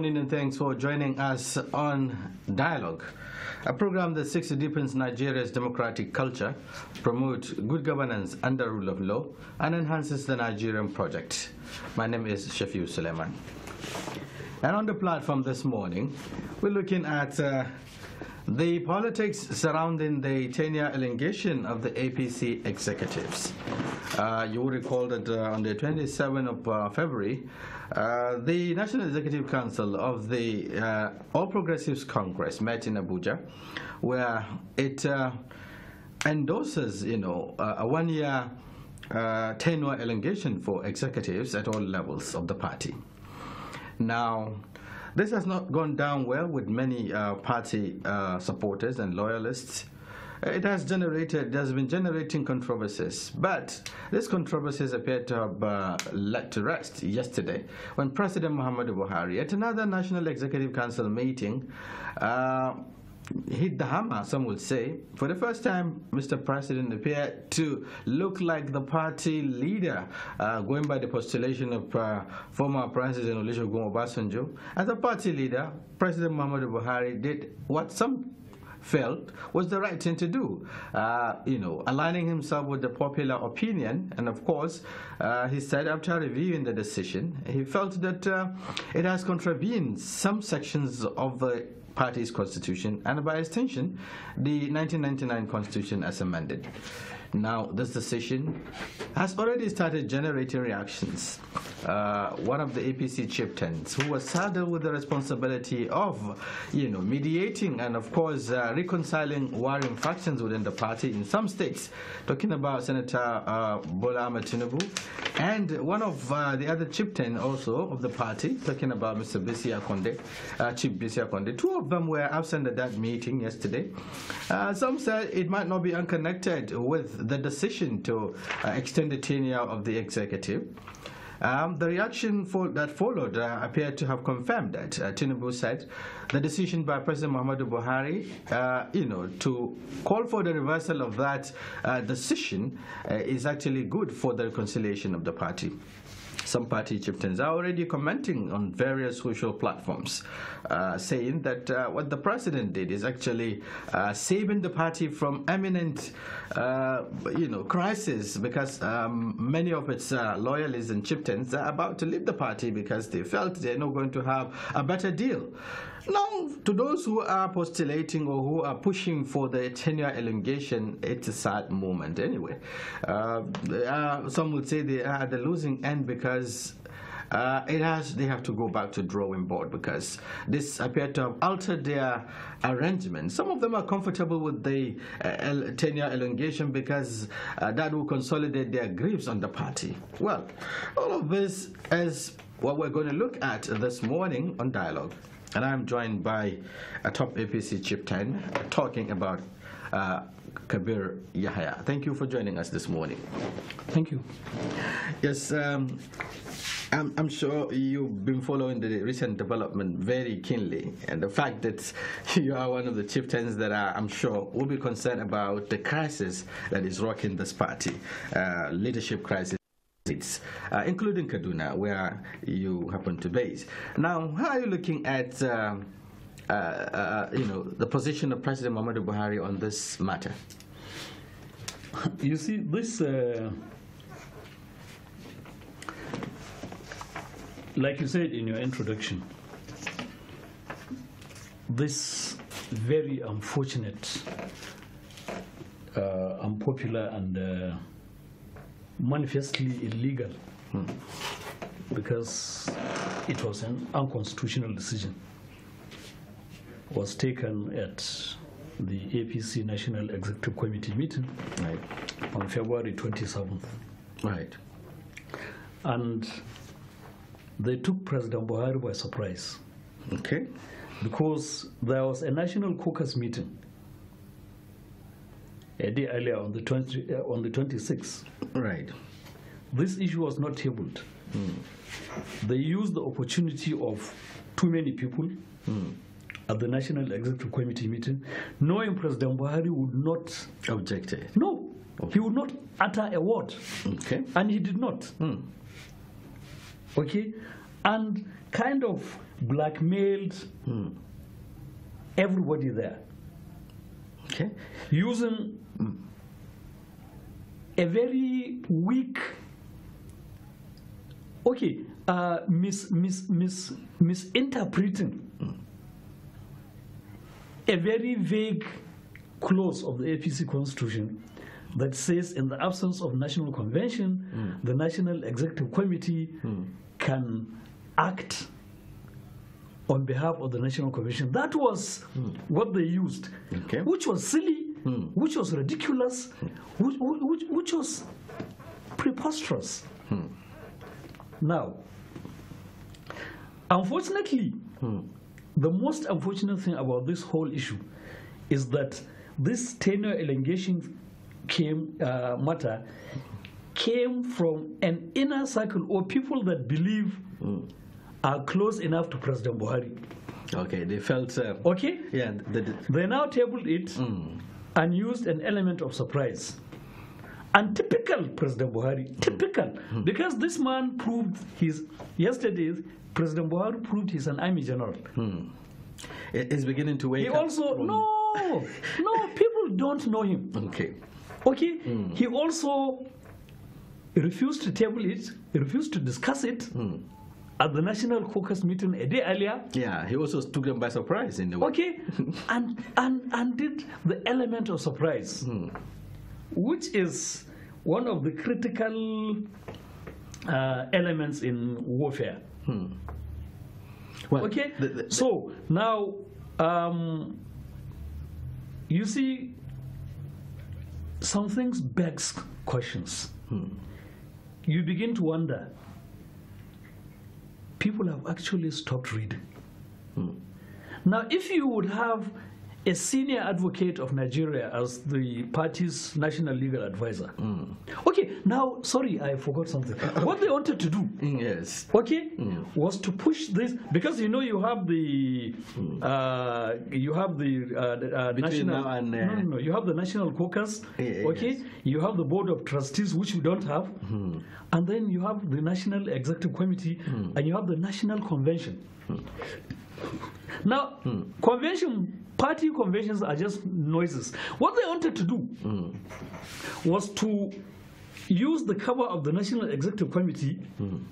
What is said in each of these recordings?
morning and thanks for joining us on Dialogue, a program that seeks to deepen Nigeria's democratic culture, promote good governance and the rule of law, and enhances the Nigerian project. My name is Shafiu Suleiman. And on the platform this morning, we're looking at uh, the politics surrounding the 10-year elongation of the APC executives. Uh, you will recall that uh, on the 27th of uh, February, uh, the National Executive Council of the uh, All Progressives Congress met in Abuja, where it uh, endorses, you know, a one-year uh, tenure elongation for executives at all levels of the party. Now, this has not gone down well with many uh, party supporters and loyalists it has generated, has been generating controversies. But these controversies appear to have uh, led to rest yesterday when President Muhammadu Buhari, at another National Executive Council meeting, uh, hit the hammer, some would say. For the first time, Mr. President appeared to look like the party leader, uh, going by the postulation of uh, former President Olusegun Obasanjo. As a party leader, President Muhammadu Buhari did what some felt was the right thing to do. Uh, you know, aligning himself with the popular opinion, and of course, uh, he said after reviewing the decision, he felt that uh, it has contravened some sections of the party's constitution and by extension, the 1999 constitution as amended. Now, this decision has already started generating reactions uh, one of the APC chieftains who was saddled with the responsibility of, you know, mediating and of course uh, reconciling warring factions within the party in some states. Talking about Senator uh, Bola Ahmed and one of uh, the other chieftain also of the party, talking about Mr. Bisia Konde, uh, Chief Bisia Konde. Two of them were absent at that meeting yesterday. Uh, some said it might not be unconnected with the decision to uh, extend the tenure of the executive. Um, the reaction for, that followed uh, appeared to have confirmed that. Uh, Tinubu said the decision by President Muhammadu Buhari, uh, you know, to call for the reversal of that uh, decision uh, is actually good for the reconciliation of the party. Some party chieftains are already commenting on various social platforms, uh, saying that uh, what the president did is actually uh, saving the party from imminent, uh, you know, crisis because um, many of its uh, loyalists and chieftains are about to leave the party because they felt they're not going to have a better deal. Now, to those who are postulating or who are pushing for the tenure elongation, it's a sad moment anyway. Uh, uh, some would say they are at the losing end because uh, it has they have to go back to drawing board because this appeared to have altered their arrangement. Some of them are comfortable with the uh, el tenure elongation because uh, that will consolidate their griefs on the party. Well, all of this is what we're going to look at this morning on Dialogue and I'm joined by a top APC chieftain talking about uh, Kabir Yahya. Thank you for joining us this morning. Thank you. Yes, um, I'm, I'm, sure you've been following the recent development very keenly, and the fact that you are one of the chieftains that are, I'm sure will be concerned about the crisis that is rocking this party, uh, leadership crisis states, uh, including Kaduna, where you happen to base. Now, how are you looking at uh, uh, uh you know the position of President Muhammadu Buhari on this matter? You see, this. Uh, like you said in your introduction, this very unfortunate, uh, unpopular, and manifestly illegal hmm. because it was an unconstitutional decision was taken at the APC National Executive Committee meeting right. on February 27th. Right. And they took President Buhari by surprise. Okay. Because there was a national caucus meeting a day earlier on the 20, uh, on the 26th. Right. This issue was not tabled. Mm. They used the opportunity of too many people mm. at the National Executive Committee meeting, knowing President Buhari would not object. No, okay. he would not utter a word. Okay. And he did not. Mm. Okay. And kind of blackmailed hmm. everybody there. Okay. Using a very weak okay uh, mis, mis, mis, misinterpreting a very vague clause of the apc constitution that says in the absence of national convention mm. the national executive committee mm. can act on behalf of the national convention that was mm. what they used okay. which was silly mm. which was ridiculous, mm. which, which, which, was preposterous. Hmm. Now, unfortunately, hmm. the most unfortunate thing about this whole issue is that this tenure elongation came uh, matter came from an inner circle or people that believe mm. are close enough to President Buhari. Okay, they felt. Uh, okay. Yeah. They, they, now tabled it. Mm and used an element of surprise. And typical President Buhari, typical, hmm. because this man proved his, yesterday, President Buhari proved he's an army general. Hmm. He's beginning to wake he up. He also, from... no, no, people don't know him. Okay. Okay, mm. he also refused to table it, refused to discuss it. Mm at the national caucus meeting a day earlier. Yeah, he also took them by surprise in the way. Okay, and and and did the element of surprise, hmm. which is one of the critical uh, elements in warfare. Hmm. Well, okay, the, the, so now um, you see some things begs questions. Hmm. You begin to wonder people have actually stopped reading. Mm. Now, if you would have a senior advocate of Nigeria as the party's national legal advisor. Mm. Okay, now, sorry, I forgot something. what they wanted to do, mm, yes, okay, mm. was to push this because you know you have the mm. uh, you have the, uh, uh the uh, national and, no, no, no, you have the national caucus, okay, you have the board of trustees which you don't have, mm. and then you have the national executive committee, and you have the national convention. Now, convention party conventions are just noises. What they wanted to do mm. was to use the cover of the National Executive Committee mm.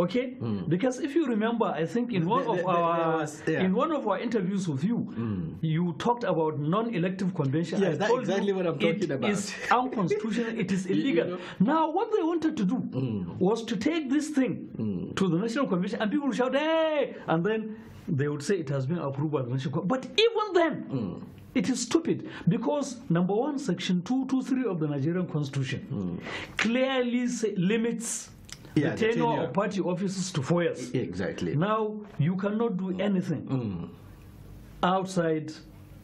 Okay, mm. because if you remember, I think in one of our was, yeah. in one of our interviews with you, mm. you talked about non-elective convention. Yes, that's exactly what I'm talking it about. It is unconstitutional. it is illegal. You know? Now, what they wanted to do mm. was to take this thing hmm. to the national convention, and people would shout, "Hey!" and then they would say it has been approved by the national. But even then. Hmm. It is stupid because number one, section 223 of the Nigerian constitution hmm. clearly limits yeah, the, tenure of party officers to four years. Exactly. Now you cannot do anything mm. outside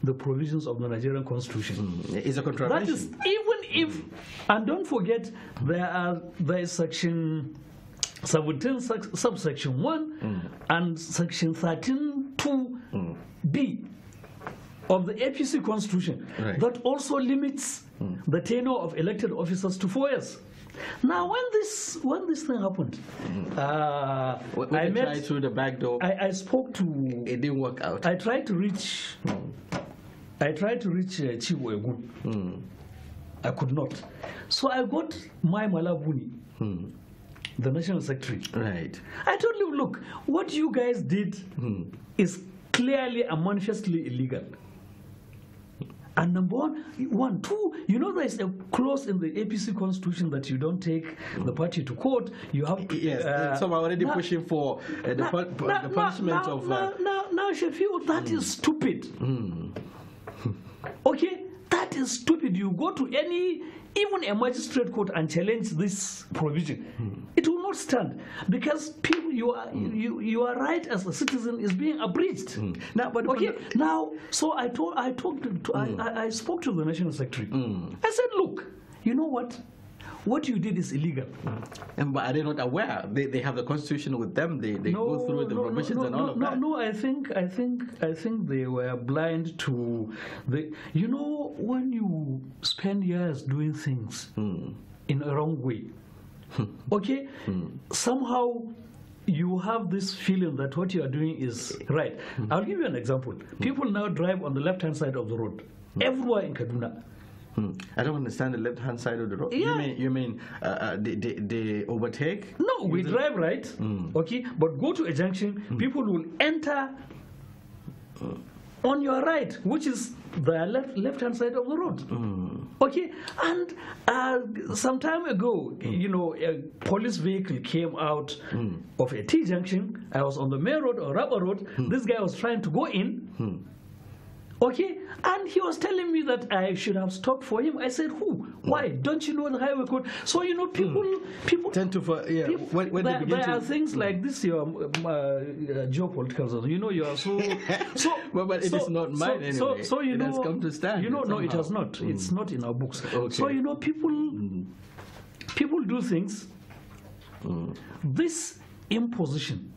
the provisions of the Nigerian constitution. Mm. It's a contradiction. That is even if, mm. and don't forget, there are there is section 17 subsection 1 mm. and section 13 2 mm. b of the APC constitution right. that also limits mm. the tenure of elected officers to four years. Now, when this when this thing happened, mm-hmm. uh, I met tried through the back door. I, I spoke to. It didn't work out. I tried to reach. Mm. I tried to reach uh, Chiwegun. Mm. I could not. So I got my Malabuni. Mm the national secretary. Right. I told him, look, what you guys did mm. is clearly and manifestly illegal. And number one, one, two, you know, there's a clause in the APC constitution that you don't take the party to court. You have to. Yes, uh, so we're already now, pushing for uh, the, now, pu now, the, punishment of. Uh, now, now, Shafiq, that mm. is hmm. stupid. Mm. okay, that is stupid. You go to any, even a magistrate court and challenge this provision. Mm. It will cannot stand because people, you are mm. you you are right as a citizen is being abridged. Mm. Now, but okay, now so I told I talked to, mm. I, I, spoke to the national secretary. Hmm. I said, look, you know what? What you did is illegal. Hmm. And but are they not aware? They, they have the constitution with them. They, they no, go through the no, provisions no, and all of that. No, no, I think I think I think they were blind to the. You know, when you spend years doing things hmm. in a wrong way, Hmm. okay? Hmm. Somehow you have this feeling that what you are doing is right. Hmm. I'll give you an example. People now drive on the left hand side of the road, everywhere in Kaduna. I don't understand the left-hand side of the road. Yeah. You mean, you mean uh, uh, they, they, they, overtake? No, we the... drive right, okay? But go to a junction, people will enter on your right, which is the left, left hand side of the road. Mm. Okay, and uh, some time ago, mm. you know, a police vehicle came out mm. of a T junction. I was on the main road or rubber road. Hmm. This guy was trying to go in. Hmm. Okay, and he was telling me that I should have stopped for him. I said, "Who? Why? Hmm. Don't you know the highway code?" So you know, hmm. people, mm. people tend to, for, yeah. People, when, when there, there to, are things mm. like this. Your um, uh, geopolitical You know, you are so. so well, but it so, is not mine so, anyway. So, so you it know, has come to stand. You know, somehow. no, it has not. Mm. It's hmm. not in our books. Okay. So you know, people, people do things. This imposition,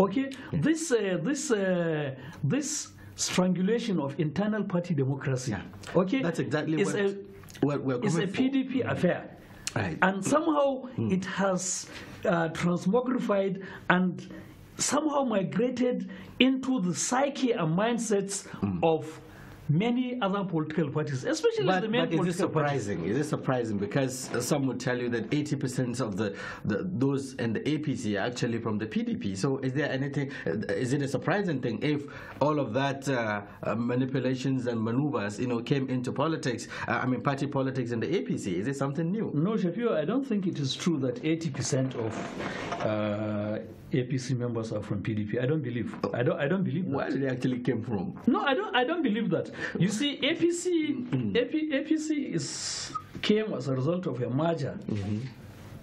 okay, this, uh, this, uh, this strangulation of internal party democracy. Yeah. Okay, that's exactly it's what a, we're, we're it's a PDP for. Mm. affair. Right. And somehow mm. it has uh, transmogrified and somehow migrated into the psyche and mindsets mm. of many other political parties, especially but, the main but political is it surprising? Parties. Is it surprising? Because some would tell you that 80% of the, the, those in the APC are actually from the PDP. So is there anything? Is it a surprising thing if all of that uh, uh, manipulations and maneuvers, you know, came into politics? Uh, I mean, party politics in the APC. Is it something new? No, Shapiro, I don't think it is true that 80% of uh, APC members are from PDP. I don't believe. I don't. I don't believe. That. Where they actually came from? No, I don't. I don't believe that. You see, APC, mm-hmm. AP, APC is came as a result of a merger, mm-hmm.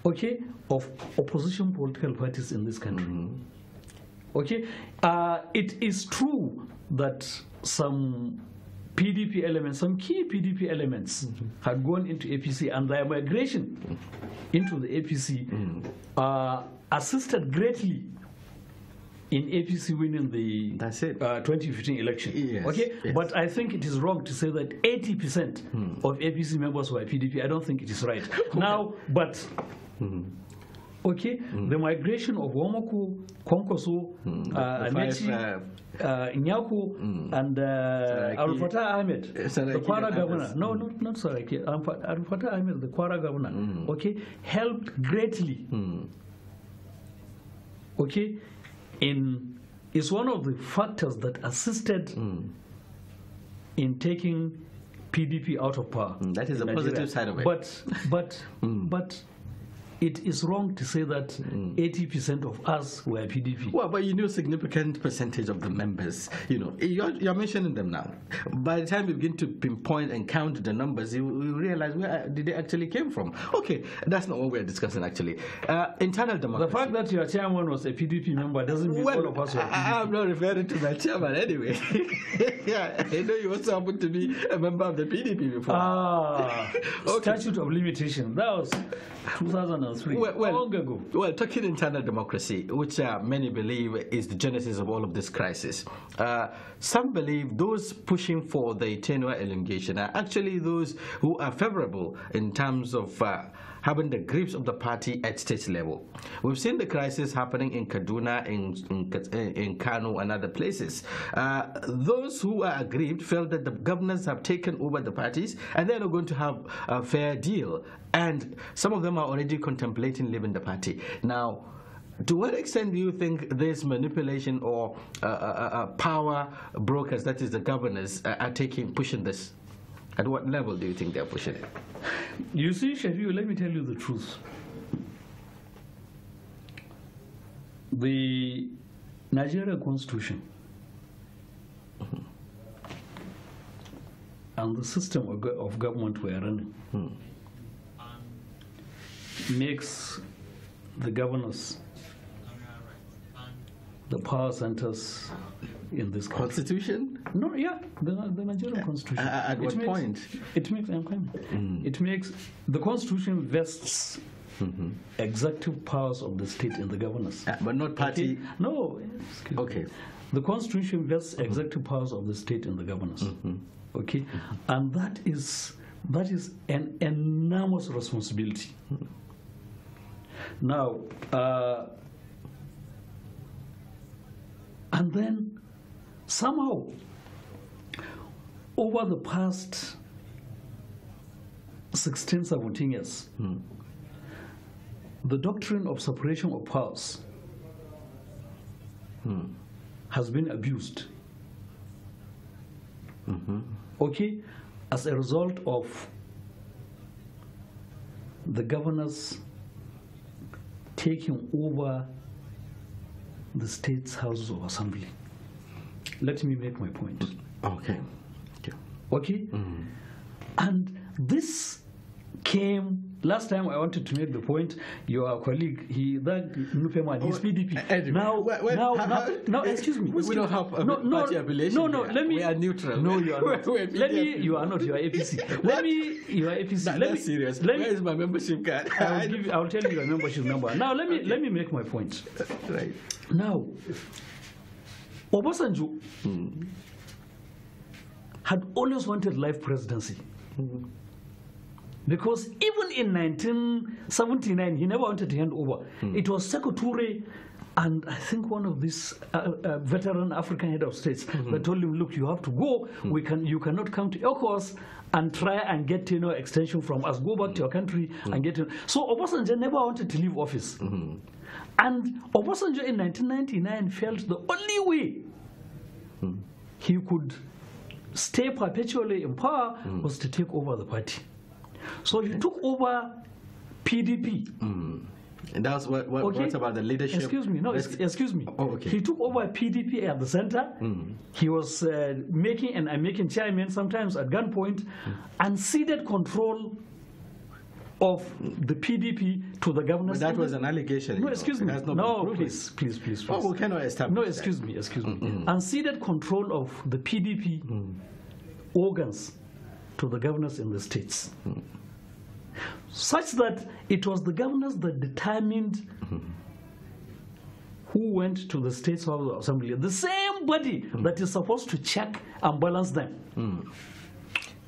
okay, of opposition political parties in this country. Mm-hmm. Okay, uh, it is true that some PDP elements, some key PDP elements, mm -hmm. have gone into APC and their migration mm-hmm. into the APC mm. Mm-hmm. uh, assisted greatly in APC winning the uh, 2015 election. Yes, okay, yes. but I think it is wrong to say that 80% hmm. of APC members were PDP. I don't think it is right okay. now, but. Hmm. Okay, mm. the migration of Womoku, Konkoso, mm. uh, uh, Nyaku, mm. and uh, Al Fatah Ahmed, uh, Saraki the Kwara governor. No, mm. not, not Saraki, Al Fatah Ahmed, the Kwara governor, okay, helped greatly, okay, in is one of the factors that assisted in taking PDP out of power. that is a positive side of it. But, but, but it is wrong to say that 80% hmm. of us were PDP. Well, but you knew a significant percentage of the members. You know, you're, you're, mentioning them now. By the time you begin to pinpoint and count the numbers, you, you realize where uh, did they actually came from. Okay, that's not what we're discussing actually. Uh, internal democracy. The fact that your chairman was a PDP member doesn't mean well, all of us were I, am not referring to my chairman anyway. yeah, I know you also happened to be a member of the PDP before. Ah, okay. statute of limitation. That was 2000 three well, well, long ago. Well, talking internal democracy, which uh, many believe is the genesis of all of this crisis, uh, some believe those pushing for the tenure elongation are actually those who are favorable in terms of uh, having the grips of the party at state level. We've seen the crisis happening in Kaduna, in, in, in Kano, and other places. Uh, those who are aggrieved felt that the governors have taken over the parties and they're not going to have a fair deal. And some of them are already contemplating leaving the party. Now, to what extent do you think this manipulation or uh, uh, uh, uh power brokers, that is the governors, uh, are taking pushing this? At what level do you think they're pushing it? You see, Shafiu, let me tell you the truth. The Nigeria Constitution mm-hmm. and the system of, of government we are running mm. makes the governors, the power centers, in this country. constitution? No, yeah, the, the Nigerian uh, constitution. Uh, at what makes, point? It makes I'm Mm. It makes the constitution vests mm-hmm. executive powers of the state in the governors, uh, but not party. no. okay. Me. The constitution vests mm-hmm. executive powers of the state in the governors. Mm-hmm. Okay, and that is that is an enormous responsibility. Now. Uh, and then Somehow, over the past 16, 17 years, mm. the doctrine of separation of powers mm. has been abused. Mm-hmm. Okay, as a result of the governors taking over the state's houses of assembly. Let me make my point. Okay. Okay? Mm. And this came last time I wanted to make the point. Your colleague, he that Nupema, he's oh, PDP. Uh, anyway, now, wait, wait, now, how, now, now, excuse me. We, excuse we don't have a no, party affiliation. No, no. Here. Let me. We are neutral. No, you are not. let me. You are not. You are APC. let me. You are APC. That, let that's me, serious. Let Where me, is my membership card? I will give. I will tell you your membership number. Now, let me. Okay. Let me make my point. Right. Now, Obasanjo mm. had always wanted life presidency. Mm. Because even in 1979, he never wanted to hand over. Mm. It was Sekou Toure and I think one of these uh, uh, veteran African head of states mm -hmm. that told him, look, you have to go. Mm -hmm. We can, you cannot come to ECOWAS and try and get you know, extension from us. Go back mm -hmm. to your country and get... You know. So Obasanjo never wanted to leave office. And Obasanjo in 1999 felt the only way mm. he could stay perpetually in power mm. was to take over the party. So he took over PDP. Mm. And that's what, what, okay. about the leadership? Excuse me, no, excuse me. Oh, okay. He took over PDP at the center. Mm. He was uh, making and I'm making chairman sometimes at gunpoint mm. and ceded control of the PDP to the governors. that was an allegation. No, excuse know. me. no, please, please, please, please. Oh, we cannot establish. No, excuse that. me, excuse me. Mm-hmm. Unceded control of the PDP mm. Mm-hmm. organs to the governors in the states, mm. such that it was the governors that determined. Mm-hmm who went to the States House of Assembly, the same body mm. that is supposed to check and balance them. Mm.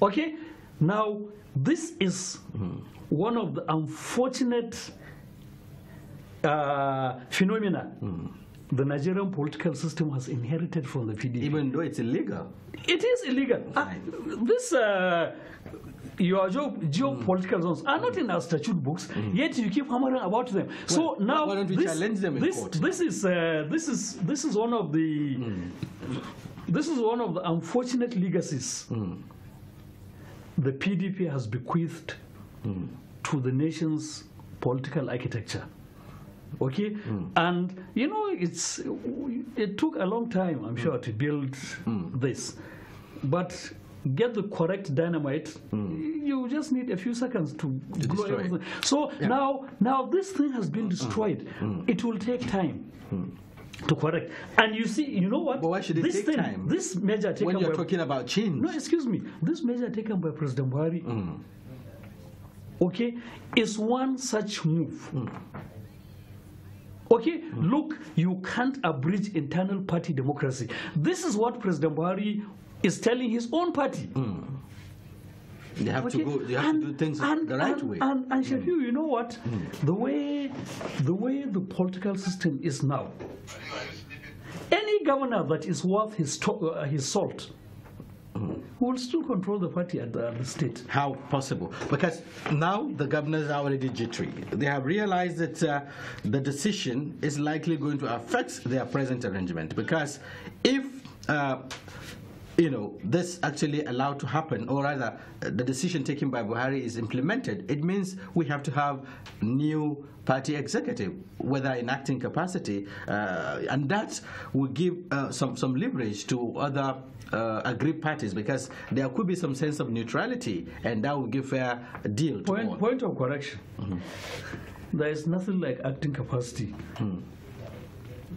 Okay? Now, this is mm one of the unfortunate uh, phenomena mm. the Nigerian political system has inherited from the PDP. Even though it's illegal. It is illegal. Uh, this uh, your geopolitical mm. zones are not in our statute books, mm. yet you keep hammering about them. Well, so now why don't we this, challenge them in this, court? This is uh, this is this is one of the mm. this is one of the unfortunate legacies mm. the PDP has bequeathed mm. to the nation's political architecture. Okay, mm. and you know it's it took a long time, I'm sure, to build hmm. this, but get the correct dynamite. Hmm. You just need a few seconds to, to blow destroy. everything. So yeah. now, now this thing has been hmm. destroyed. It will take time to correct. And you see, you know what? But why should it this take thing, time? This measure taken when you're by, talking about change. No, excuse me. This measure taken by President Buhari mm okay, is one such move. Hmm. Okay, look, you can't abridge internal party democracy. This is what President Buhari is telling his own party. Mm. They have okay. to go. They have and, to do things and, the right and, way. And, and Shafiu, mm. you know what? Mm. The way, the way the political system is now, any governor that is worth his uh, his salt who will still control the party at the, at the, state. How possible? Because now the governors are already jittery. They have realized that uh, the decision is likely going to affect their present arrangement. Because if uh, you know, this actually allowed to happen, or rather, uh, the decision taken by Buhari is implemented, it means we have to have new party executive, whether in acting capacity, uh, and that will give uh, some some leverage to other uh, agreed parties because there could be some sense of neutrality, and that will give fair deal. Point, all. point of correction: mm -hmm. there is nothing like acting capacity. Mm.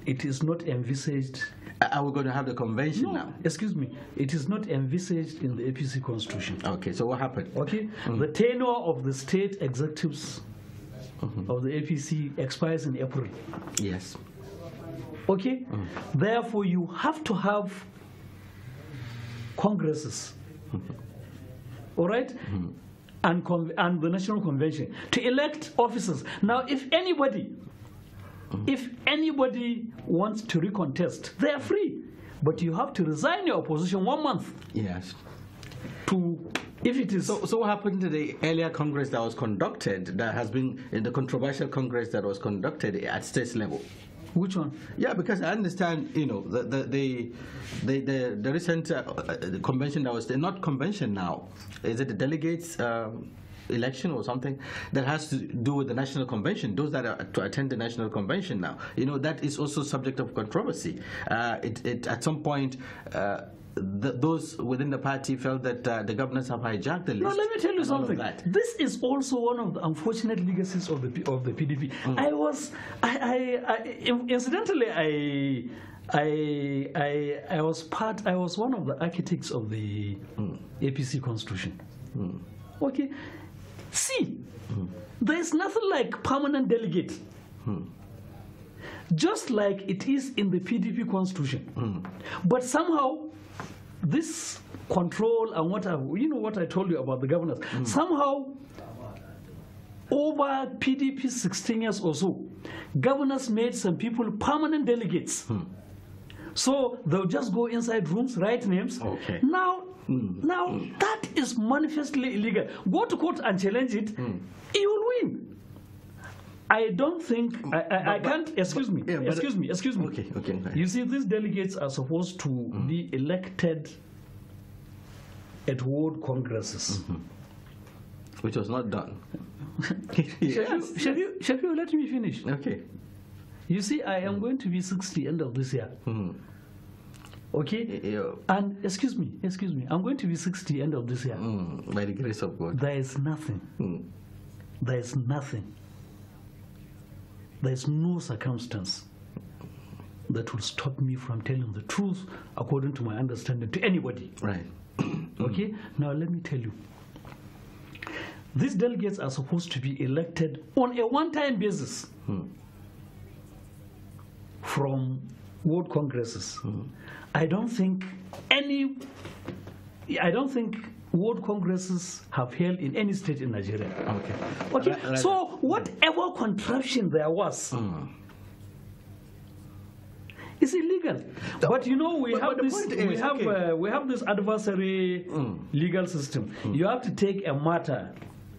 It is not envisaged are we going to have the convention no, now? Excuse me. It is not envisaged in the APC constitution. Okay, so what happened? Okay, mm -hmm. the tenure of the state executives mm -hmm. of the APC expires in April. Yes. Okay, mm -hmm. therefore, you have to have congresses. Mm-hmm. All right? Mm-hmm. And, and the National Convention to elect officers. Now, if anybody Mm. If anybody wants to recontest, they are free. But you have to resign your opposition one month. Yes. To if it is so, so what happened to the earlier congress that was conducted that has been in the controversial congress that was conducted at state level which one? Yeah, because I understand, you know, the the the the, the, the recent uh, the uh, convention that was not convention now. Is it the delegates? Um, election or something that has to do with the national convention those that are to attend the national convention now you know that is also subject of controversy uh, it, it, at some point uh, the, those within the party felt that uh, the governors have hijacked the list. No, let me tell you something. This is also one of the unfortunate legacies of the of the PDP. Mm. I was, I, I, I, incidentally, I, I, I, I was part. I was one of the architects of the mm. APC constitution. Mm. Okay, See, there is nothing like permanent delegate. Just like it is in the PDP constitution. But somehow, this control and what I, you know what I told you about the governors, somehow over PDP 16 years or so, governors made some people permanent delegates. Hmm. So they'll just go inside rooms, write names. Okay. Now Mm. Now, mm. that is manifestly illegal. Go to court and challenge it, mm. you will win. I don't think mm. I, I, but, I can't. excuse but, me. Yeah, excuse me. Excuse me. Okay. Okay. You see, these delegates are supposed to mm. be elected at world congresses, -hmm. which was not done. yes. shall, you, shall, you, shall you let me finish? Okay. You see, I am mm. going to be 60 end of this year. Okay? Yeah. And excuse me, excuse me, I'm going to be 60 end of this year. Mm, by the grace of God. There is nothing. Mm. There is nothing. There is no circumstance that will stop me from telling the truth according to my understanding to anybody. Right. okay? Now, let me tell you. These delegates are supposed to be elected on a one time basis mm. from world congresses. Mm. I don't think any, I don't think world congresses have held in any state in Nigeria. Okay. Okay. Right, right. So whatever contraption there was. Mm. It's illegal, but you know we but, have but this we is, have okay. uh, we have this adversary mm. legal system. Mm. You have to take a matter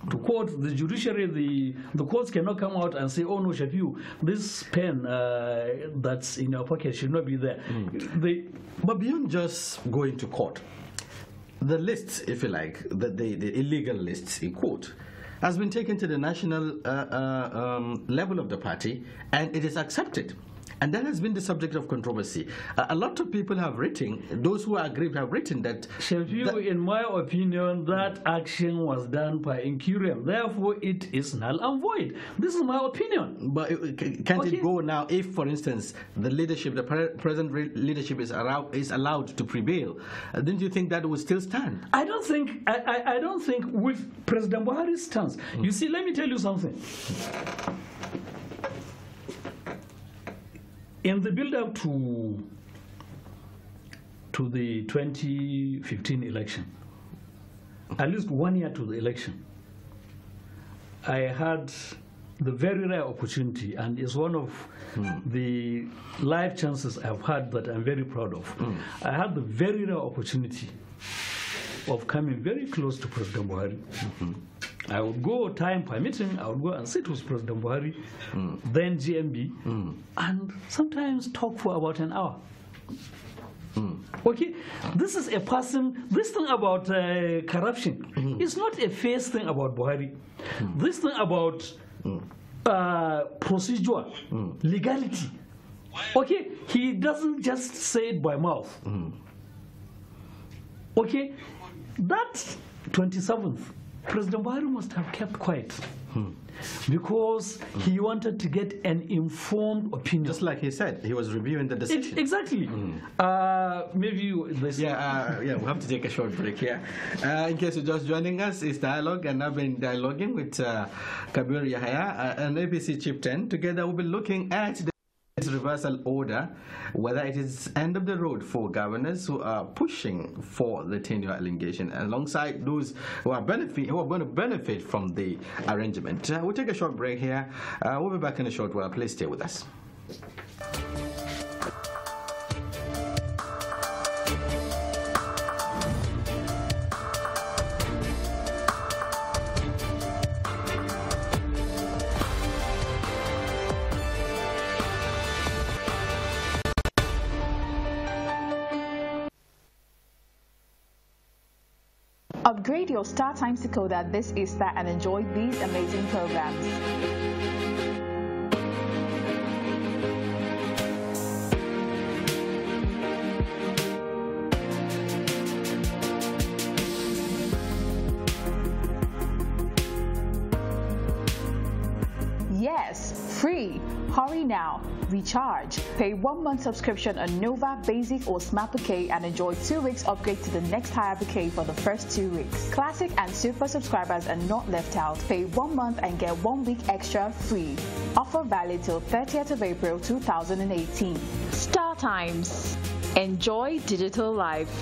to quote the judiciary, the, the courts cannot come out and say, oh no, Shafiu, this pen uh, that's in your pocket should not be there. Mm. They, but beyond just going to court, the list, if you like, the, the, the illegal lists in court, has been taken to the national uh, uh, um, level of the party and it is accepted. And that has been the subject of controversy. Uh, a lot of people have written, those who are aggrieved have written that. that, in my opinion, that action was done by Incurium. Therefore, it is null and void. This is my opinion. But uh, can't okay. it go now if, for instance, the leadership, the pre present leadership is, is allowed to prevail? Uh, didn't you think that would still stand? I don't think, I, I, I don't think with President Buhari's stance. Mm. You see, let me tell you something. In the build-up to to the 2015 election, at least one year to the election, I had the very rare opportunity, and it's one of mm. the life chances I've had that I'm very proud of. Mm. I had the very rare opportunity of coming very close to President Buhari. Mm -hmm. I would go time permitting, I would go and sit with President Buhari, mm. then GMB, mm. and sometimes talk for about an hour. Mm. Okay, this is a person. This thing about uh, corruption mm. is not a face thing about Buhari. Mm. This thing about uh, procedure, legality. Okay, he doesn't just say it by mouth. Okay, that 27th President Buhari must have kept quiet hmm. because hmm. he wanted to get an informed opinion. Just like he said, he was reviewing the decision. It, exactly. Hmm. Uh, maybe this. yeah, uh, yeah, we have to take a short break here. Yeah. Uh, in case you're just joining us, it's dialogue, and I've been dialoguing with uh, Kabir Yahya, uh, an APC chieftain. Together, we'll be looking at the reversal order whether it is end of the road for governors who are pushing for the tenure elongation alongside those who are benefit who are going to benefit from the arrangement. Uh, we'll take a short break here. Uh, we'll be back in a short while. Please stay with us. your star times decoder this Easter and enjoy these amazing programs. Yes, free. Hurry now, recharge. Pay one month subscription on Nova, Basic, or Smart Bouquet and enjoy two weeks upgrade to the next higher bouquet for the first two weeks. Classic and Super subscribers are not left out. Pay one month and get one week extra free. Offer valid till 30th of April 2018. Star Times. Enjoy digital life.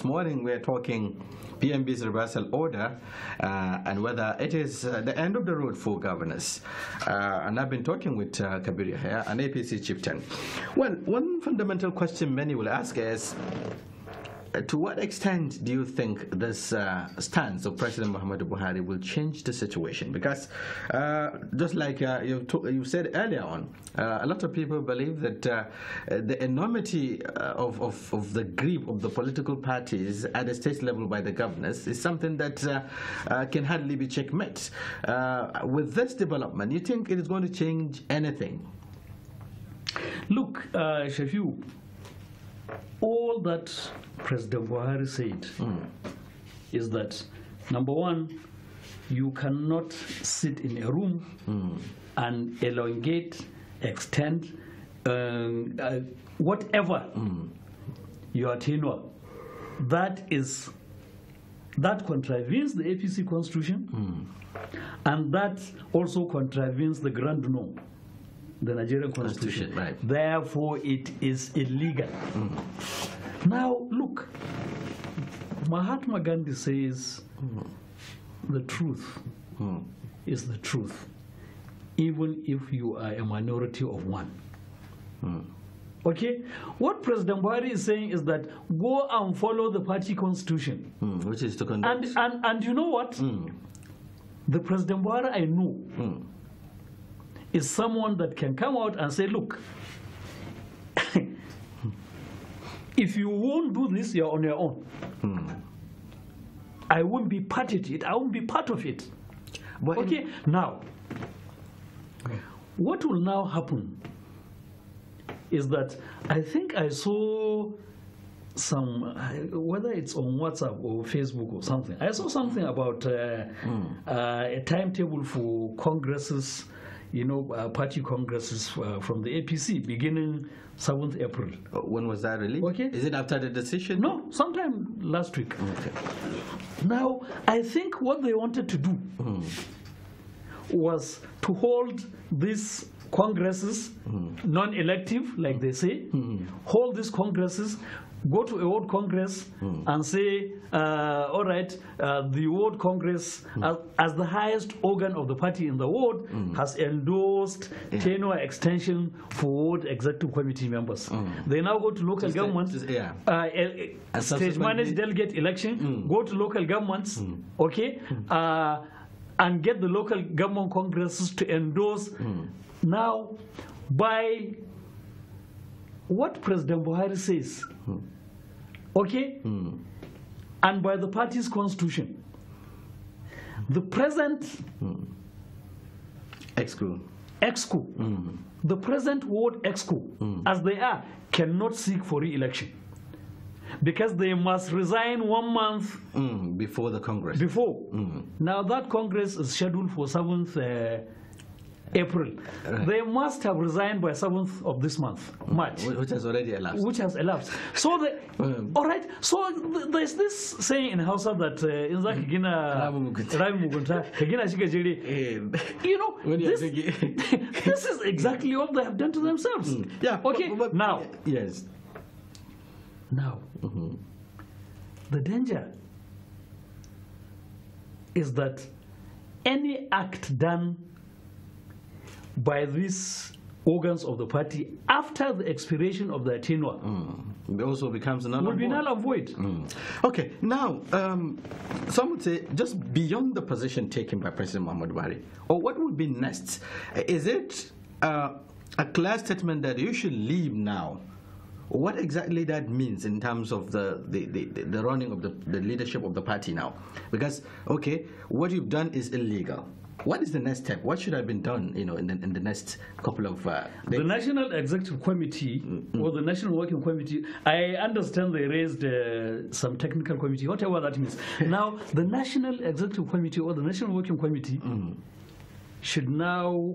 this morning we're talking PMB's reversal order uh, and whether it is uh, the end of the road for governors. Uh, and I've been talking with uh, here, an APC chieftain. Well, one fundamental question many will ask is, to what extent do you think this uh, stance of President Muhammad Buhari will change the situation? Because uh, just like uh, you, you, said earlier on, uh, a lot of people believe that uh, the enormity uh, of, of, of, the grip of the political parties at the state level by the governors is something that can hardly be checkmate. with this development, you think it is going to change anything? Look, uh, Shafiu, all that President Buhari said mm. is that number one, you cannot sit in a room mm. and elongate, extend, um, uh, whatever mm. your tenure. That is that contravenes the APC constitution, hmm. and that also contravenes the grand norm the Nigerian constitution. constitution right. Therefore, it is illegal. Mm. Now, look, Mahatma Gandhi says mm. the truth mm. is the truth, even if you are a minority of one. Okay, what President Buhari is saying is that go and follow the party constitution, hmm, which is to conduct. And, and, and you know what? Hmm. The President Buhari I know hmm is someone that can come out and say, look, if you won't do this, you're on your own. Hmm. I won't be part of it. I won't be part of it. But okay, now, what will now happen is that I think I saw some, whether it's on WhatsApp or Facebook or something, I saw something about uh, mm. uh, a timetable for Congress's you know, uh, party congresses uh, from the APC beginning 7th April. When was that really? Okay. Is it after the decision? No, sometime last week. Okay. Now, I think what they wanted to do mm. was to hold these congresses, mm. non elective, like they say, mm. hold these congresses go to a World Congress mm. and say, uh, all right, uh, the World Congress, mm. as, uh, as, the highest organ of the party in the world, mm. has endorsed yeah. tenure extension for World Executive Committee members. Hmm. They now go to local governments, yeah. uh, stage managed delegate election, hmm. go to local governments, hmm. okay, uh, and get the local government congresses to endorse. Now, by what President Buhari says, okay, mm. and by the party's constitution, the present mm. exco, exco, mm. the present ward exco, mm. as they are, cannot seek for re-election because they must resign one month mm, before the Congress. Before mm-hmm. now that Congress is scheduled for seventh. Uh, April. They must have resigned by 7th of this month, March. Which has already elapsed. Which has elapsed. So, the, um. all right, so there's this saying in Hausa that uh, um. you know, this, this is exactly what they have done to themselves. Mm. Yeah. Okay, but, but, now. Yes. Now, mm -hmm. the danger is that any act done by these organs of the party after the expiration of their tenure. Mm. It also becomes null will be null and void. Mm. Okay, now um, some would say just beyond the position taken by President Muhammad Buhari, or what would be next? Is it uh, a clear statement that you should leave now? What exactly that means in terms of the, the, the, the running of the, the leadership of the party now? Because, okay, what you've done is illegal what is the next step? What should have been done, you know, in the, in the next couple of uh, The National Executive Committee mm -hmm. or the National Working Committee, I understand they raised uh, some technical committee, whatever that means. now, the National Executive Committee or the National Working Committee mm -hmm. should now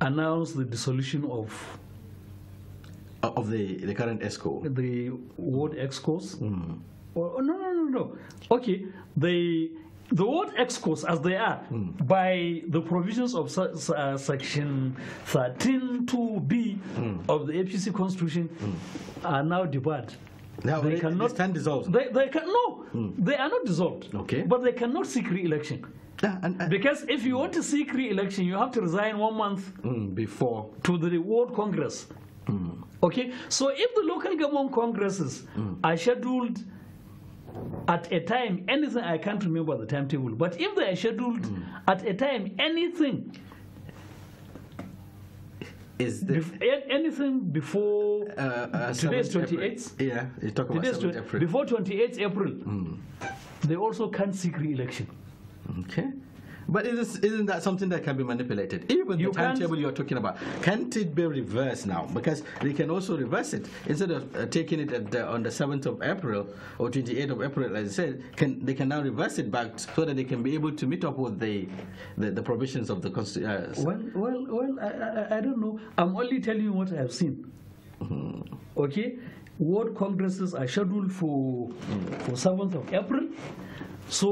announce the dissolution of uh, of the, the current ESCO. The word ESCOs. Mm mm-hmm. oh, no, no, no, no. Okay, they the word excuse as they are mm. by the provisions of uh, section 13 2b mm. of the apc constitution mm. are now debarred now they, they cannot stand dissolved they, they can no hmm. they are not dissolved okay but they cannot seek re-election yeah, and, uh, because if you want to seek re-election you have to resign one month hmm, before to the world congress hmm. okay so if the local government congresses are scheduled at a time, anything, I can't remember the timetable, but if they are scheduled mm. at a time, anything, is the, Bef anything before uh, uh, today's 28th? Yeah, you talk about 7th April. Before 28th April, mm. they also can't seek re-election. Okay. But isn't, isn't that something that can be manipulated? Even you the timetable you're talking about, can't it be reversed now? Because they can also reverse it. Instead of uh, taking it the, on the 7th of April or 28th of April, as I said, can, they can now reverse it back so that they can be able to meet up with the, the, the provisions of the Constitution. Uh, well, well, well I, I, I, don't know. I'm only telling you what I have seen. Mm -hmm. Okay? what congresses are scheduled for, mm -hmm. for 7th of April. So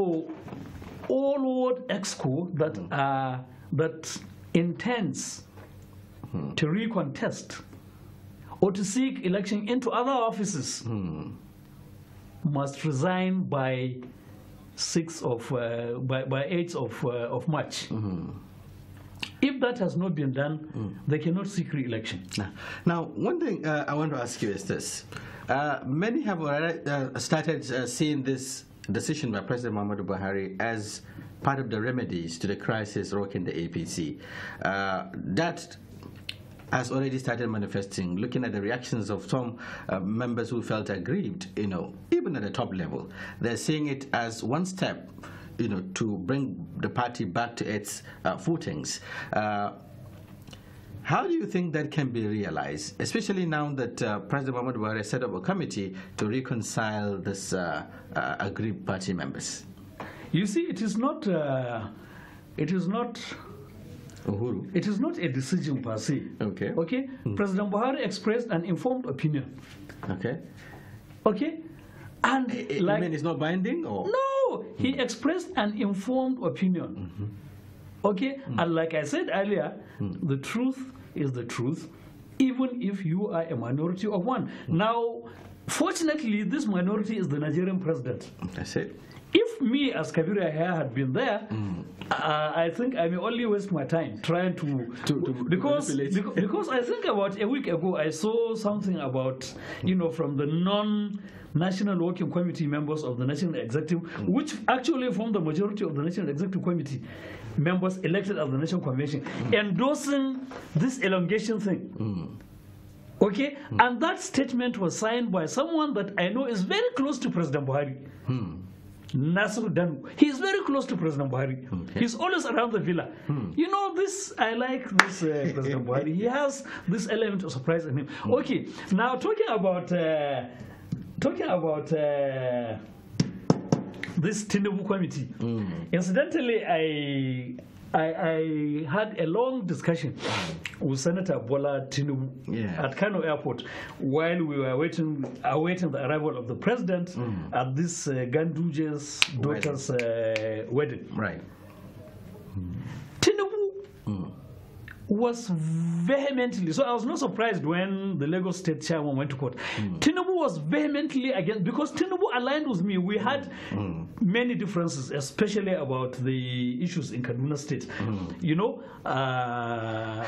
all world exco that hmm. uh, that intends hmm. to recontest or to seek election into other offices hmm. must resign by six of uh, by, by eight of uh, of March. If that has not been done, mm. they cannot seek re-election. Now, one thing uh, I want to ask you is this. Uh, many have already uh, started uh, seeing this decision by President Muhammadu Buhari as part of the remedies to the crisis rocking the APC. Uh, that has already started manifesting, looking at the reactions of some uh, members who felt aggrieved, you know, even at the top level. They're seeing it as one step, you know, to bring the party back to its uh, footings. Uh, how do you think that can be realized, especially now that uh, President Muhammad Buhari set up a committee to reconcile this uh, uh, aggrieved party members? You see, it is not. Uh, it is not. Uhuru. It is not a decision per se. Okay. Okay. Mm. President Buhari expressed an informed opinion. Okay. Okay. And I, eh, I eh, like, mean it's not binding or no, he mm. expressed an informed opinion. Mm -hmm. Okay, mm. and like I said earlier, hmm. the truth is the truth, even if you are a minority of one. Now, fortunately, this minority is the Nigerian president. That's it if me as Kabira Hair had been there, mm. uh, I think I may only waste my time trying to, to, to because to because I think about a week ago I saw something about you know from the non national working committee members of the national executive, mm. which actually form the majority of the national executive committee members elected at the national convention, mm. endorsing this elongation thing. Mm. Okay, mm. and that statement was signed by someone that I know is very close to President Buhari. Hmm. Nasruddin. He is very close to President Buhari. Okay. He's always around the villa. Hmm. You know, this, I like this uh, President Buhari. He has this element of surprise in him. Hmm. Okay, now talking about, uh, talking about, uh, this Tinubu committee. Hmm. Incidentally, I I, I, had a long discussion with Senator Bola Tinubu yeah. at Kano Airport while we were waiting, awaiting the arrival of the president mm. at this uh, Ganduje's daughter's uh, wedding. Right. Mm. Tinubu mm was vehemently so i was not surprised when the lagos state chairman went to court mm. tinubu was vehemently against because tinubu aligned with me we had mm. many differences especially about the issues in kaduna state mm. you know uh,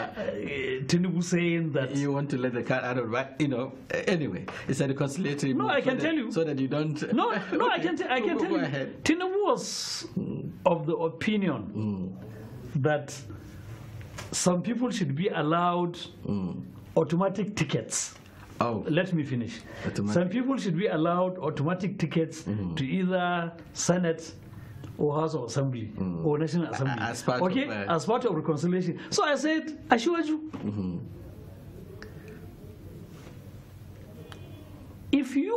tinubu saying that you want to let the cat out of bag you know anyway it's a reconciliatory no i can so tell that, you so that you don't no no okay. i can, t- I can Go tell you ahead. tinubu was hmm. of the opinion hmm. that some people should be allowed mm. automatic tickets. Oh. Let me finish. Automatic. Some people should be allowed automatic tickets mm. to either Senate or House of Assembly mm. or National Assembly. As part okay, of, uh, as part of reconciliation. So I said, I assure you. -hmm. If you,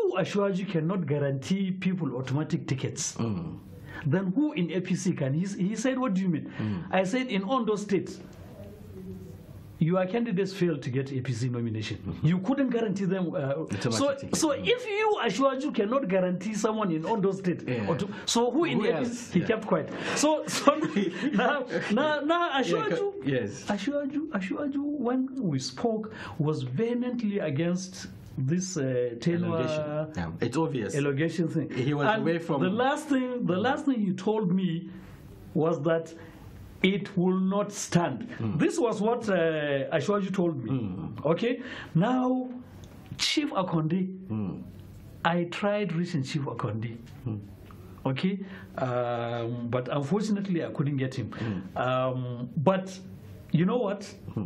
you cannot guarantee people automatic tickets, mm. then who in APC can? He, he said, What do you mean? Mm. I said, In all those states, your candidates failed to get APC nomination. Mm -hmm. You couldn't guarantee them. Uh, so, so if you, you cannot guarantee someone in Ondo State, yeah. to, so who in who APC? He yeah. kept quiet. So, so now, now, now assure yeah, yes. assure you, when we spoke, was vehemently against this uh, Taylor yeah, it's obvious allegation thing. He was and away from the last thing. The last thing he told me was that it will not stand. Mm. This was what uh, told me. Mm. Okay, now Chief Akonde, mm. I tried reaching Chief Akonde. Hmm. Okay, um, but unfortunately I couldn't get him. Hmm. Um, but you know what? Hmm.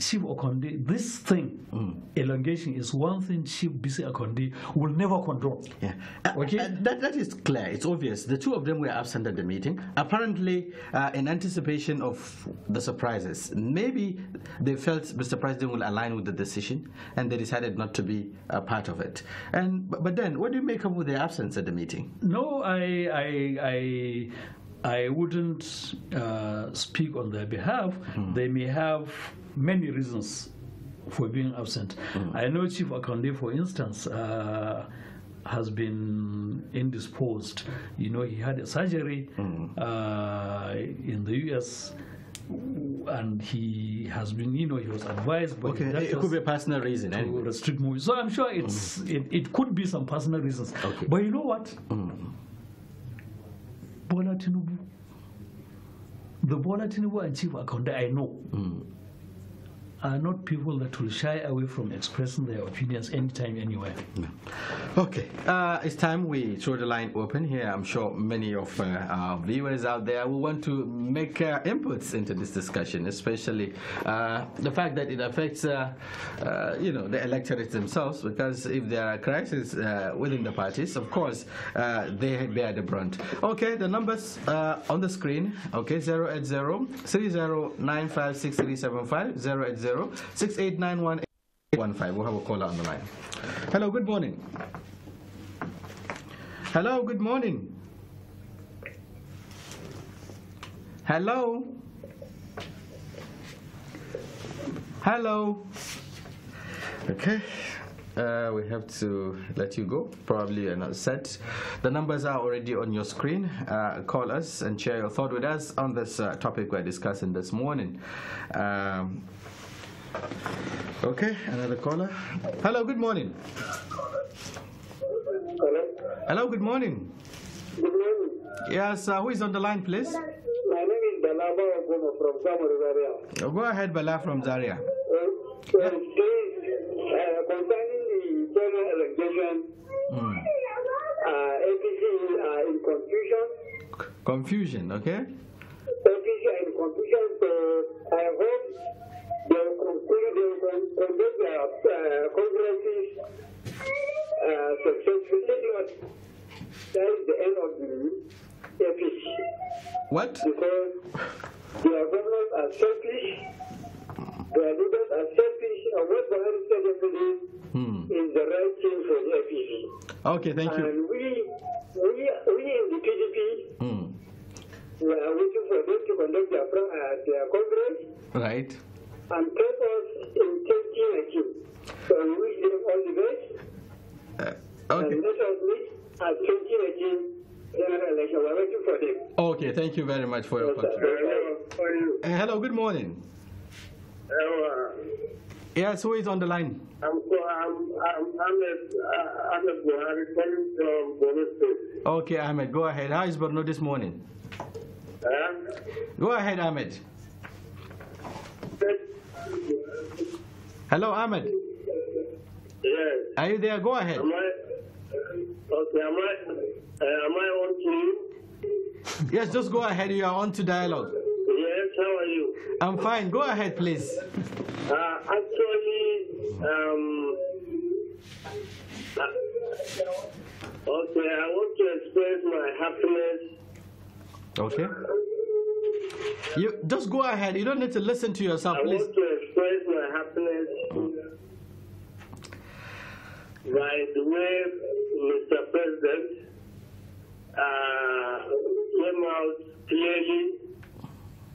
Chief Okondi, this thing, mm. elongation is one thing Chief BC Okondi will never control. Yeah. Uh, okay. Uh, uh, that, that is clear. It's obvious. The two of them were absent at the meeting, apparently uh, in anticipation of the surprises. Maybe they felt the surprises didn't align with the decision, and they decided not to be a part of it. And but then, what do you make of their absence at the meeting? No, I, I, I I wouldn't uh, speak on their behalf. Mm. They may have many reasons for being absent. Mm. I know Chief Akonde, for instance, uh, has been indisposed. You know, he had a surgery mm. uh, in the U.S. And he has been, you know, he was advised. okay, it could be a personal reason. To anyway. restrict movies. So I'm sure it's mm. it, it could be some personal reasons. Okay. But you know what? Mm. Bola Tinubu, the Bola Tinubu and Chief Akonde, I know. Mm are not people that will shy away from expressing their opinions anytime, anywhere. Okay, uh, it's time we throw the line open here. I'm sure many of uh, our viewers out there will want to make uh, inputs into this discussion, especially uh, the fact that it affects, uh, uh, you know, the electorate themselves, because if there are crises within the parties, of course, they bear the brunt. Okay, the numbers on the screen, okay, 080 3095 Zero six eight We'll have a caller on the line. Hello, good morning. Hello, good morning. Hello. Hello. Okay. Uh, we have to let you go. Probably you're not set. The numbers are already on your screen. Uh, call us and share your thought with us on this uh, topic we're discussing this morning. Um, Okay, another caller. Hello, good morning. Hello. Hello, good morning. Good morning. Yes, uh, who is on the line, please? My name is Bala Bawagomo from Zaria. Oh, go ahead, Bala from Zaria. Uh, uh, please, concerning the general election, mm. Uh, APC uh, in confusion. Confusion, okay. APC in confusion, so I hope they their uh, uh, successfully. That is the end of the epic. What? Because their governments are selfish. Their leaders are selfish, and what Buhari said yesterday hmm. is the right thing for the APC. Okay, thank you. And we, we, we in the PDP, we are waiting for them to conduct their, uh, their congress. Right and kept in So we wish them all the best. Uh, okay. And let us meet at general election. We're waiting for them. Okay, thank you very much for your question. Hello, uh, hello, good morning. Hello. Yes, who is on the line? I'm I'm I'm Ahmed Ahmed uh, Buhari calling from Borno State. Okay, Ahmed, go ahead. How is Borno this morning? Uh, go ahead, Ahmed. Hello, Ahmed. Yes. Are you there? Go ahead. Am I, okay, am I, uh, am I on to you? yes, just go ahead. You are on to dialogue. Yes, how are you? I'm fine. Go ahead, please. Uh, actually, um, uh, okay, I want to express my happiness. Okay. You just go ahead. You don't need to listen to yourself. I please. want to express my happiness by the way Mr. President uh, came out clearly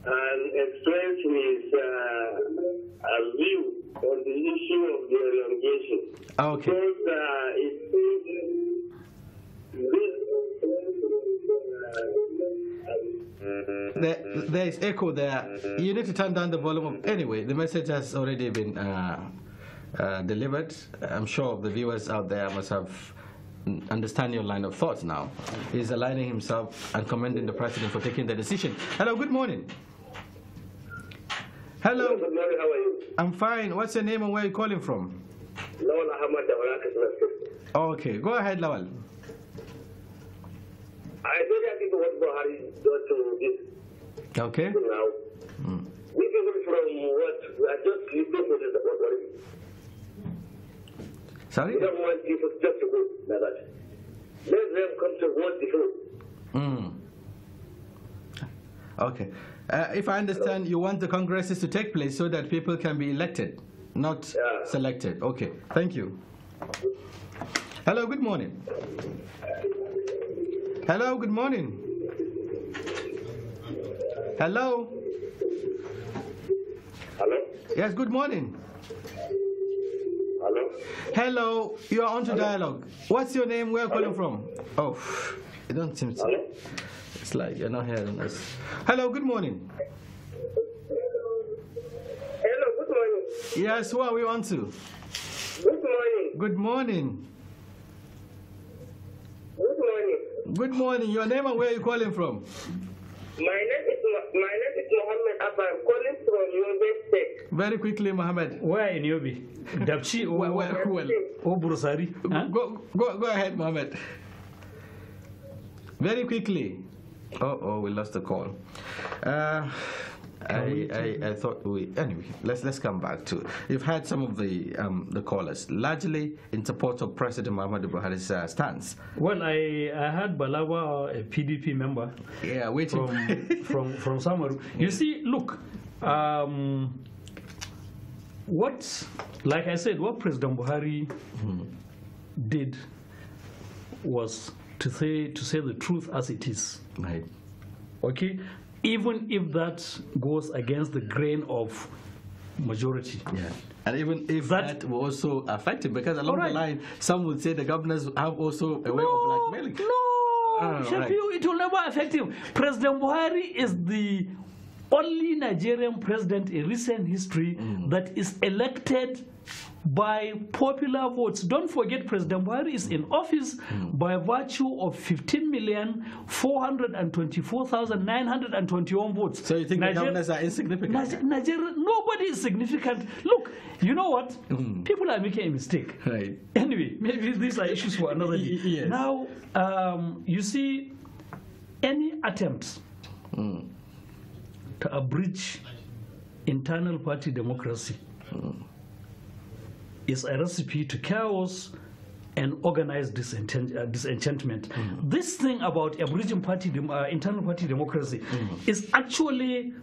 and expressed his uh, view on the issue of the elongation. Okay. Because uh, it seems there, there is echo there. You need to turn down the volume. Of, anyway, the message has already been uh, uh, delivered. I'm sure the viewers out there must have understand your line of thoughts now. He's aligning himself and commending the president for taking the decision. Hello, good morning. Hello. Hello how are you? I'm fine. What's your name and where are you calling from? Lawal Ahmad Okay, go ahead, Lawal. I very happy to what Buhari to this. Okay. Now, mm. we from what we are just sleeping this. Sorry. We don't want people just to go like that. Let them come to what Mm. Okay. Uh, if I understand, you want the congresses to take place so that people can be elected, not yeah. selected. Okay. Thank you. Hello. Good morning. Hello, good morning. Hello. Hello. Yes, good morning. Hello. Hello, you are on to Hello? dialogue. What's your name? Where are you calling from? Oh, it don't seem to. It's like you're not hearing us. Hello, good morning. Hello, good morning. Yes, who are we on to? Good morning. Good morning. Good morning. Your name and where are you calling from? My name is my name is Mohammed Abba. I'm calling from Yobe State. Very quickly, Mohammed. Where in Yobe? Dapchi or where, well, Go, go go ahead, Mohammed. Very quickly. Oh oh, we lost the call. Uh, I, I, I, thought we anyway. Let's let's come back to it. You've had some of the um, the callers, largely in support of President Muhammadu Buhari's uh, stance. Well, I, I had Balawa, uh, a PDP member. Yeah, waiting from from from You yeah. see, look, um, what like I said, what President Buhari hmm. did was to say to say the truth as it is. Right. Okay, even if that goes against the grain of majority. Yeah. And even if that, that will also affect him, because along right. the line, some would say the governors have also a no, way of blackmailing. No, oh, ah, right. it will never affect him. President Buhari is the only Nigerian president in recent history mm. that is elected by popular votes. Don't forget President Buhari is in office mm. by virtue of 15,424,921 votes. So you think Niger- the are insignificant? Niger- Niger- nobody is significant. Look, you know what? Mm. People are making a mistake. Right. Anyway, maybe these are issues for another day. yes. Now, um, you see, any attempt mm. to abridge internal party democracy hmm is a recipe to chaos and organized disenchant, uh, disenchantment. Mm. This thing about Aboriginal party, uh, internal party democracy mm. is actually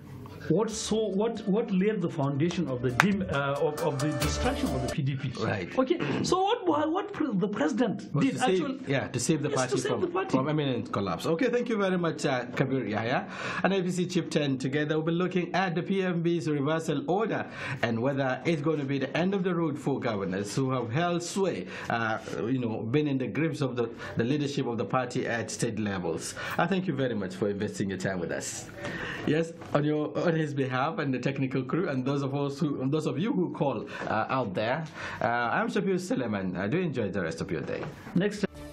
what so what what laid the foundation of the dim, uh, of, of, the destruction of the PDP? Right. Okay. So what what pre the president did actually? Yeah, to save the party, to save from, the party from imminent collapse. Okay, thank you very much, uh, Kabir Yahya. And ABC Chip 10 together we'll be looking at the PMB's reversal order and whether it's going to be the end of the road for governors who have held sway, uh, you know, been in the grips of the, the leadership of the party at state levels. I uh, thank you very much for investing your time with us. Yes, on your. On on his behalf and the technical crew and those of us who, those of you who call uh, out there. Uh, I'm Shafir Suleiman. I uh, do enjoy the rest of your day. Next.